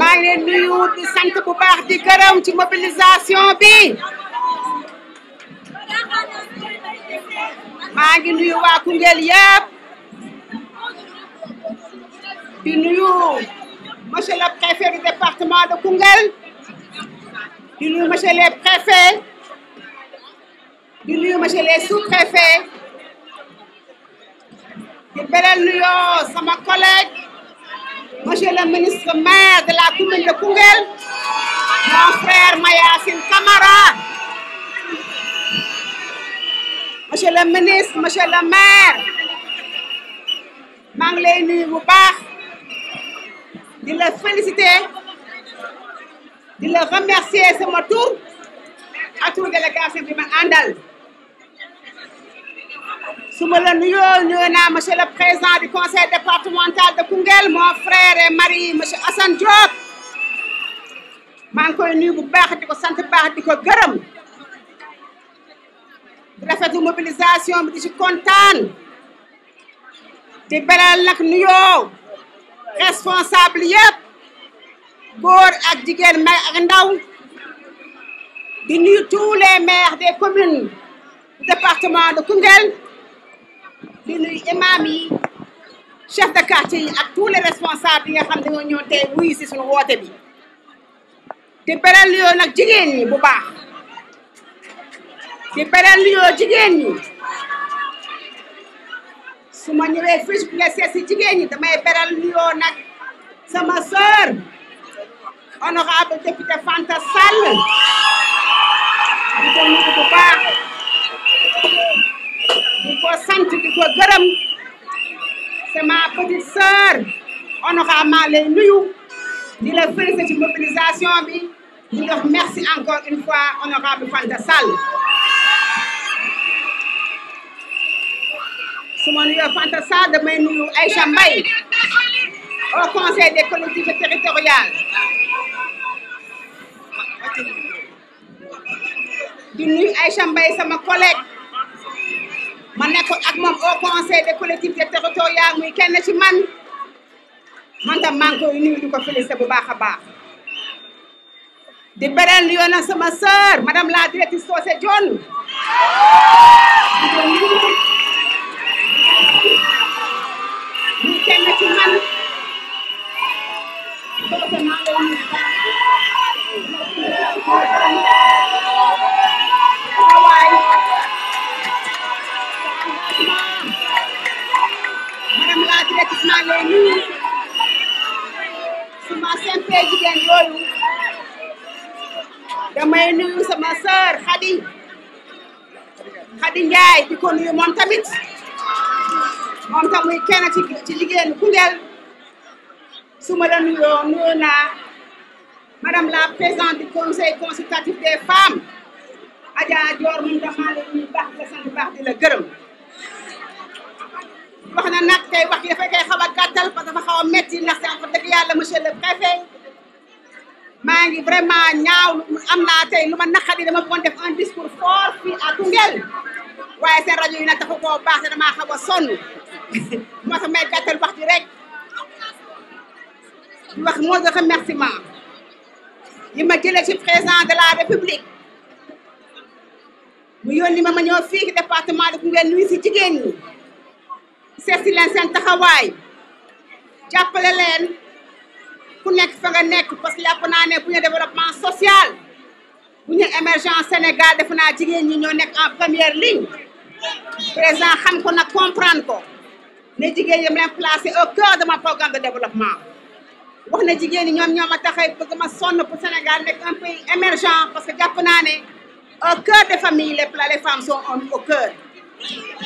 maa ngi leen nuyu di sant bu baax di gërëm ci mobilisation bi maa ngi nuyu waa Koungheul yëpp di nuyu monsieur le préfet du département de Koungheul di nuyu monsieur les préfets di nuyu monsieur les sous-préfets di beral nuyoo sama collègue Monsieur le ministre maire de la commune de Koungheul, mon frère Mayassine Camara, Monsieur le ministre, monsieur le maire, maa ngi lay nuyu bu baax la féliciter di la remercier sama tour à tour délégation bi ma àndal. su la nuyoo nuyoo naa monsieur le président du conseil départemental de Koungheul mon frère et mari monsieur Assane Diop maa ngi koy nuyu bu baax di ko sant baax di ko gërëm rafetu mobilisation bi di ci kontaan di beral nag nuyoo responsable yëpp góor ak jigéen mag ak ndaw di nuyu tous les maires des communes du département de Koungheul di nuyu imam yi chef de quartier yi ak tous les responsables yi nga xam dañoo ñëw tey wuyu si suñu woote bi di beral yoo nag jigéen ñi bu baax di beral yoo jigéen ñi su ma ñëwee fii bu si jigéen ñi damay beral yoo nag sama sœur honorable député Fanta Sall di ko nuyu bu baax ko sant di gërëm c'est ma petite sœur Onora maa lay nuyu di la féliciter ci mobilisation bi di la merci encore une fois honorable Fanta Sall su ma nuyoo Fanta Sall damay nuyu Aïcha Mbaye au conseil des collectivités territoriales di nuyu Aïcha Mbaye sama collègue ma nekk ak moom au conseil des collectivités territoriales muy kenn ci man man tam maa ngi koy nuyu di ko félicité bu baax a baax. di beral yoon na sama sœur madame la directrice Socé Dione. suma sempe jigéen yooyu damay nuyu sama sœur Khady Khady di ko nuyu moom tamit moom tam muy ci ci jigéenu Koungheul suma la nuyoo nuyu naa madame la présidente du conseil consultatif des femmes Adja Dior moom dama la nuyu baax di la sant di la gërëm xaw a métti ndax sax dëgg le préfet maa ngi vraiment ñaaw am naa tey lu ma naqari dama bëggoon def discours fort fii à waaye seen rajo yi nag dafa koo baax te damaa xaw a sonn moo tax may gàttal wax ji rek di wax mot de remerciement yi ma jëlee ci président de la république mu yónni ma ma ñëw fii département de Koungheul nuyu si jigéen ñi si leen seen taxawaay. jàppale leen ku nekk fa nga nekk parce que yàpp naa ne bu ñu développement social bu ñu émergence Sénégal defe naa jigéen ñi ñoo nekk en première ligne président xam ko na comprendre ko ne jigéen ñi leen placé au de développement wax jigéen ñi ma taxay bëgg Sénégal nekk un pays émergent parce que jàpp naa ne au cœur des familles les les femmes sont au cœur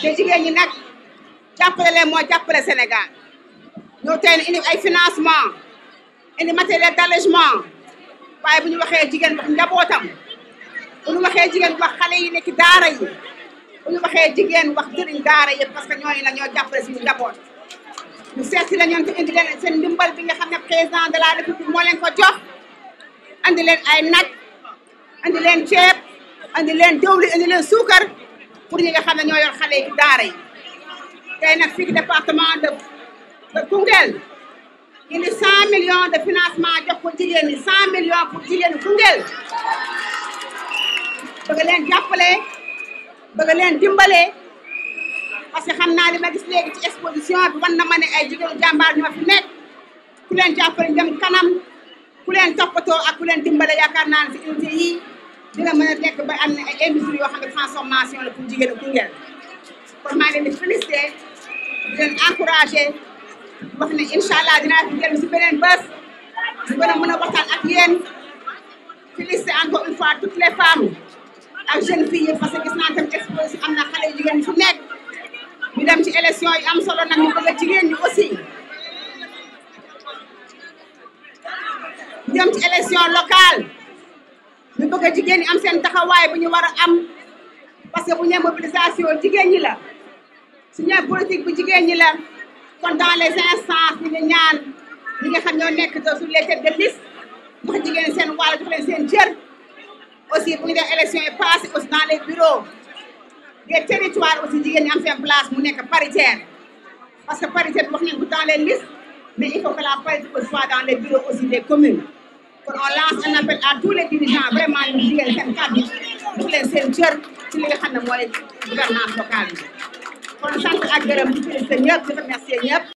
te jigéen ñi nag moo jàppale Sénégal ñëw tey indi ay financement indi matériel d'allègement waaye bu ñu waxee jigéen wax njabootam bu ñu waxee jigéen wax xale yi nekk daara yi bu ñu waxee jigéen wax jëriñ daara yëpp parce que ñooñu la ñoo jàppale suñu njaboot ñu seet si la te ndimbal bi nga xam ne président de la république moo leen ko jox andi leen ay nag andi leen ceeb andi leen diwli andi leen suukar pour ñi nga xam ne ñoo xale yi daara yi tey nag fii département de Koungheul indi 100 millions de financement jox ko jigéen ñi 100 millions pour jigéenu Koungheul bëgg leen jàppale bëgg leen dimbale parce que xam naa li ma exposition bi na ma ne ay jigéenu jàmbaar ñoo fi nekk ku leen jàppale jëm kanam ku leen toppatoo ak ku leen dimbale yaakaar naa ne si unité yi dina mën a nekk ba am na ay industrie transformation la pour jigéenu kon maa ngi leen di félicité di wax ne incha allah dinaa fi dellu si beneen bés su gën a mën a waxtaan ak yéen féliciter encore une fois toutes les femmes ak jeunes filles yëpp parce que gis naa tam exposition am na xale yu jigéen yu nekk ñu ci élection yu am solo nag ñu bëgg a jigéen ñi aussi ñu ci élection locale ñu bëgg a jigéen ñi am seen taxawaay bu ñu war a am parce que bu ñu mobilisation jigéen ñi la ñu politique bu jigéen ñi kon dans les instances ñu ngi ñaan ñi nga xam ñoo nekk sur les têtes de liste jox jigéen seen wàll jox leen seen cër aussi bu ñu def élection yi passé aussi dans les bureaux des territoires aussi jigéen ñi am seen place mu nekk paritaire parce que paritaire wax nañ ko dans les listes mais il faut que la parité aussi soit dans les bureaux aussi des communes kon on lance un appel à tous les dirigeants vraiment ñu jigéen seen kàddu jox leen seen cër ci li nga xam ne mooy gouvernance locale bi kon sant ak gërëm di félicité ñëpp di remercié ñëpp